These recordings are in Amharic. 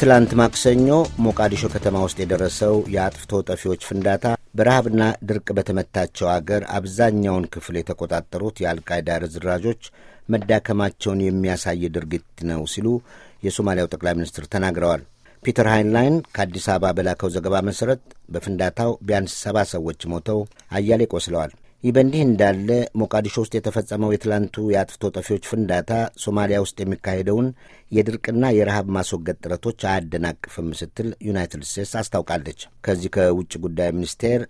ትላንት ማክሰኞ ሞቃዲሾ ከተማ ውስጥ የደረሰው የአጥፍቶ ጠፊዎች ፍንዳታ በረሃብና ድርቅ በተመታቸው አገር አብዛኛውን ክፍል የተቆጣጠሩት የአልቃይዳ ርዝራዦች መዳከማቸውን የሚያሳይ ድርጊት ነው ሲሉ የሶማሊያው ጠቅላይ ሚኒስትር ተናግረዋል። ፒተር ሃይንላይን ከአዲስ አበባ በላከው ዘገባ መሠረት በፍንዳታው ቢያንስ ሰባ ሰዎች ሞተው አያሌ ቆስለዋል። ይህ በእንዲህ እንዳለ ሞቃዲሾ ውስጥ የተፈጸመው የትላንቱ የአጥፍቶ ጠፊዎች ፍንዳታ ሶማሊያ ውስጥ የሚካሄደውን የድርቅና የረሃብ ማስወገድ ጥረቶች አያደናቅፍም ስትል ዩናይትድ ስቴትስ አስታውቃለች። ከዚህ ከውጭ ጉዳይ ሚኒስቴር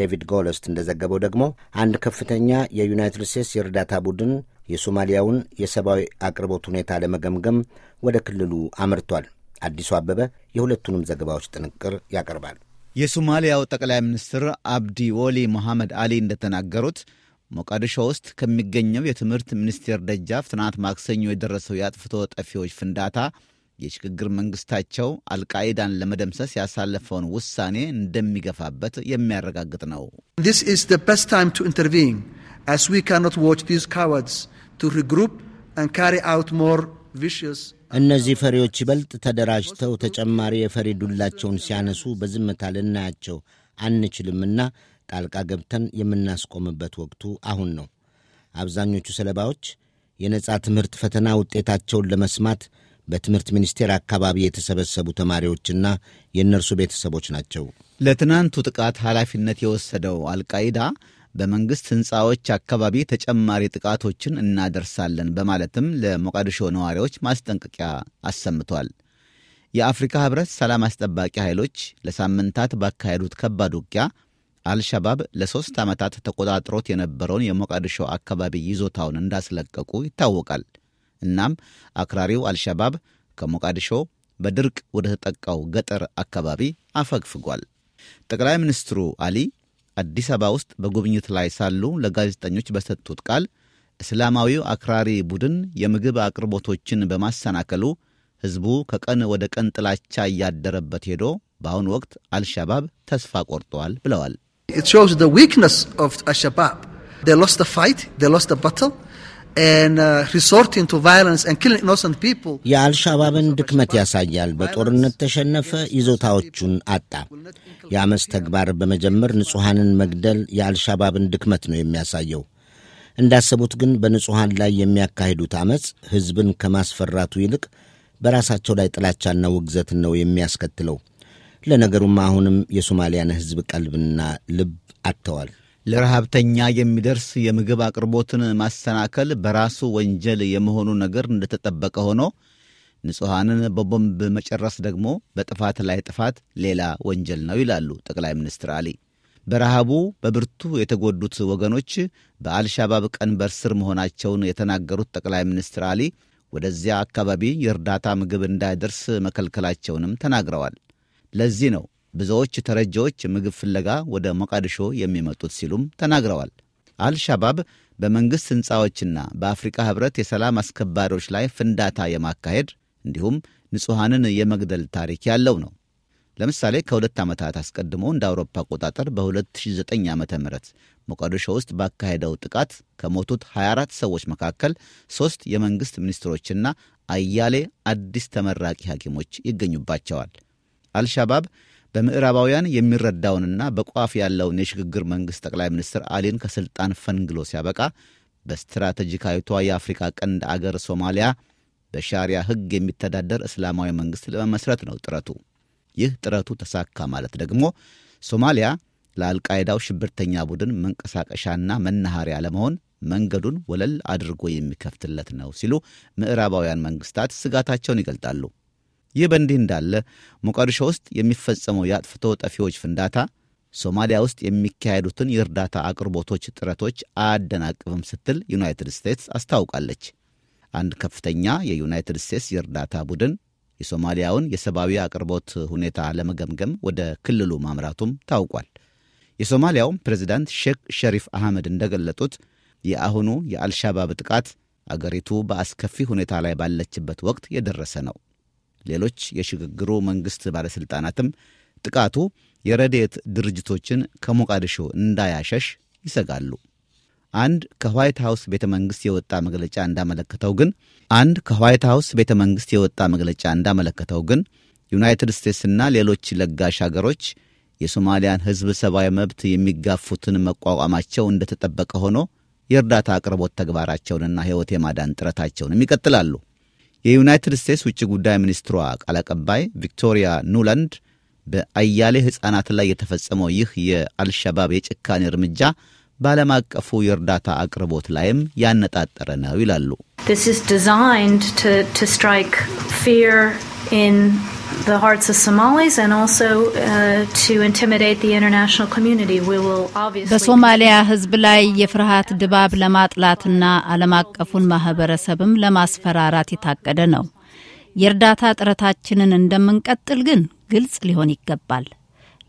ዴቪድ ጎለስት እንደዘገበው ደግሞ አንድ ከፍተኛ የዩናይትድ ስቴትስ የእርዳታ ቡድን የሶማሊያውን የሰብአዊ አቅርቦት ሁኔታ ለመገምገም ወደ ክልሉ አምርቷል። አዲሱ አበበ የሁለቱንም ዘገባዎች ጥንቅር ያቀርባል። የሶማሊያው ጠቅላይ ሚኒስትር አብዲ ወሊ መሐመድ አሊ እንደተናገሩት ሞቃዲሾ ውስጥ ከሚገኘው የትምህርት ሚኒስቴር ደጃፍ ትናንት ማክሰኞ የደረሰው የአጥፍቶ ጠፊዎች ፍንዳታ የሽግግር መንግስታቸው አልቃይዳን ለመደምሰስ ያሳለፈውን ውሳኔ እንደሚገፋበት የሚያረጋግጥ ነው። This is the best time to intervene as we cannot watch እነዚህ ፈሪዎች ይበልጥ ተደራጅተው ተጨማሪ የፈሪ ዱላቸውን ሲያነሱ በዝምታ ልናያቸው አንችልምና ጣልቃ ገብተን የምናስቆምበት ወቅቱ አሁን ነው። አብዛኞቹ ሰለባዎች የነጻ ትምህርት ፈተና ውጤታቸውን ለመስማት በትምህርት ሚኒስቴር አካባቢ የተሰበሰቡ ተማሪዎችና የእነርሱ ቤተሰቦች ናቸው። ለትናንቱ ጥቃት ኃላፊነት የወሰደው አልቃይዳ በመንግሥት ሕንፃዎች አካባቢ ተጨማሪ ጥቃቶችን እናደርሳለን በማለትም ለሞቃዲሾ ነዋሪዎች ማስጠንቀቂያ አሰምቷል። የአፍሪካ ኅብረት ሰላም አስጠባቂ ኃይሎች ለሳምንታት ባካሄዱት ከባድ ውጊያ አልሻባብ ለሦስት ዓመታት ተቆጣጥሮት የነበረውን የሞቃዲሾ አካባቢ ይዞታውን እንዳስለቀቁ ይታወቃል። እናም አክራሪው አልሻባብ ከሞቃዲሾ በድርቅ ወደ ተጠቃው ገጠር አካባቢ አፈግፍጓል። ጠቅላይ ሚኒስትሩ አሊ አዲስ አበባ ውስጥ በጉብኝት ላይ ሳሉ ለጋዜጠኞች በሰጡት ቃል እስላማዊው አክራሪ ቡድን የምግብ አቅርቦቶችን በማሰናከሉ ሕዝቡ ከቀን ወደ ቀን ጥላቻ እያደረበት ሄዶ በአሁኑ ወቅት አልሻባብ ተስፋ ቆርጠዋል ብለዋል። የአልሻባብን uh, ድክመት ያሳያል። በጦርነት ተሸነፈ፣ ይዞታዎቹን አጣ። የአመፅ ተግባር በመጀመር ንጹሐንን መግደል የአልሻባብን ድክመት ነው የሚያሳየው። እንዳሰቡት ግን በንጹሐን ላይ የሚያካሂዱት አመፅ ሕዝብን ከማስፈራቱ ይልቅ በራሳቸው ላይ ጥላቻና ውግዘትን ነው የሚያስከትለው። ለነገሩም አሁንም የሶማሊያን ሕዝብ ቀልብና ልብ አጥተዋል። ለረሃብተኛ የሚደርስ የምግብ አቅርቦትን ማሰናከል በራሱ ወንጀል የመሆኑ ነገር እንደተጠበቀ ሆኖ ንጹሐንን በቦምብ መጨረስ ደግሞ በጥፋት ላይ ጥፋት ሌላ ወንጀል ነው ይላሉ ጠቅላይ ሚኒስትር አሊ። በረሃቡ በብርቱ የተጎዱት ወገኖች በአልሻባብ ቀንበር ስር መሆናቸውን የተናገሩት ጠቅላይ ሚኒስትር አሊ ወደዚያ አካባቢ የእርዳታ ምግብ እንዳይደርስ መከልከላቸውንም ተናግረዋል። ለዚህ ነው ብዙዎች ተረጂዎች ምግብ ፍለጋ ወደ ሞቃዲሾ የሚመጡት ሲሉም ተናግረዋል። አልሻባብ በመንግሥት ሕንፃዎችና በአፍሪካ ኅብረት የሰላም አስከባሪዎች ላይ ፍንዳታ የማካሄድ እንዲሁም ንጹሐንን የመግደል ታሪክ ያለው ነው። ለምሳሌ ከሁለት ዓመታት አስቀድሞ እንደ አውሮፓ አቆጣጠር በ2009 ዓ ም ሞቃዲሾ ውስጥ ባካሄደው ጥቃት ከሞቱት 24 ሰዎች መካከል ሦስት የመንግሥት ሚኒስትሮችና አያሌ አዲስ ተመራቂ ሐኪሞች ይገኙባቸዋል። አልሻባብ በምዕራባውያን የሚረዳውንና በቋፍ ያለውን የሽግግር መንግሥት ጠቅላይ ሚኒስትር አሊን ከሥልጣን ፈንግሎ ሲያበቃ በስትራቴጂካዊቷ የአፍሪካ ቀንድ አገር ሶማሊያ በሻሪያ ሕግ የሚተዳደር እስላማዊ መንግሥት ለመመስረት ነው ጥረቱ። ይህ ጥረቱ ተሳካ ማለት ደግሞ ሶማሊያ ለአልቃይዳው ሽብርተኛ ቡድን መንቀሳቀሻና መናኸሪያ ለመሆን መንገዱን ወለል አድርጎ የሚከፍትለት ነው ሲሉ ምዕራባውያን መንግስታት ስጋታቸውን ይገልጣሉ። ይህ በእንዲህ እንዳለ ሞቃዲሾ ውስጥ የሚፈጸመው የአጥፍቶ ጠፊዎች ፍንዳታ ሶማሊያ ውስጥ የሚካሄዱትን የእርዳታ አቅርቦቶች ጥረቶች አያደናቅፍም ስትል ዩናይትድ ስቴትስ አስታውቃለች። አንድ ከፍተኛ የዩናይትድ ስቴትስ የእርዳታ ቡድን የሶማሊያውን የሰብአዊ አቅርቦት ሁኔታ ለመገምገም ወደ ክልሉ ማምራቱም ታውቋል። የሶማሊያው ፕሬዚዳንት ሼክ ሸሪፍ አህመድ እንደገለጡት የአሁኑ የአልሻባብ ጥቃት አገሪቱ በአስከፊ ሁኔታ ላይ ባለችበት ወቅት የደረሰ ነው። ሌሎች የሽግግሩ መንግሥት ባለሥልጣናትም ጥቃቱ የረድኤት ድርጅቶችን ከሞቃዲሾ እንዳያሸሽ ይሰጋሉ። አንድ ከዋይት ሐውስ ቤተ መንግሥት የወጣ መግለጫ እንዳመለከተው ግን አንድ ከዋይት ሐውስ ቤተ መንግሥት የወጣ መግለጫ እንዳመለከተው ግን ዩናይትድ ስቴትስና ሌሎች ለጋሽ አገሮች የሶማሊያን ሕዝብ ሰብአዊ መብት የሚጋፉትን መቋቋማቸው እንደተጠበቀ ሆኖ የእርዳታ አቅርቦት ተግባራቸውንና ሕይወት የማዳን ጥረታቸውንም ይቀጥላሉ። የዩናይትድ ስቴትስ ውጭ ጉዳይ ሚኒስትሯ ቃል አቀባይ ቪክቶሪያ ኑላንድ በአያሌ ሕፃናት ላይ የተፈጸመው ይህ የአልሸባብ የጭካኔ እርምጃ በዓለም አቀፉ የእርዳታ አቅርቦት ላይም ያነጣጠረ ነው ይላሉ። the hearts of Somalis and also uh, to intimidate the international community. We will obviously በሶማሊያ ሕዝብ ላይ የፍርሃት ድባብ ለማጥላትና ዓለም አቀፉን ማህበረሰብም ለማስፈራራት የታቀደ ነው። የእርዳታ ጥረታችንን እንደምንቀጥል ግን ግልጽ ሊሆን ይገባል።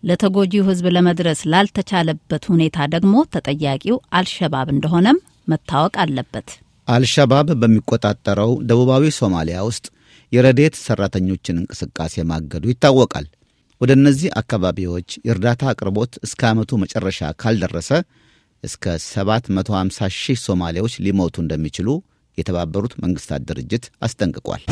ለተጎጂው ሕዝብ ለመድረስ ላልተቻለበት ሁኔታ ደግሞ ተጠያቂው አልሸባብ እንደሆነም መታወቅ አለበት። አልሸባብ በሚቆጣጠረው ደቡባዊ ሶማሊያ ውስጥ የረዴት ሠራተኞችን እንቅስቃሴ ማገዱ ይታወቃል። ወደ እነዚህ አካባቢዎች የእርዳታ አቅርቦት እስከ ዓመቱ መጨረሻ ካልደረሰ እስከ 750 ሺህ ሶማሌዎች ሊሞቱ እንደሚችሉ የተባበሩት መንግሥታት ድርጅት አስጠንቅቋል።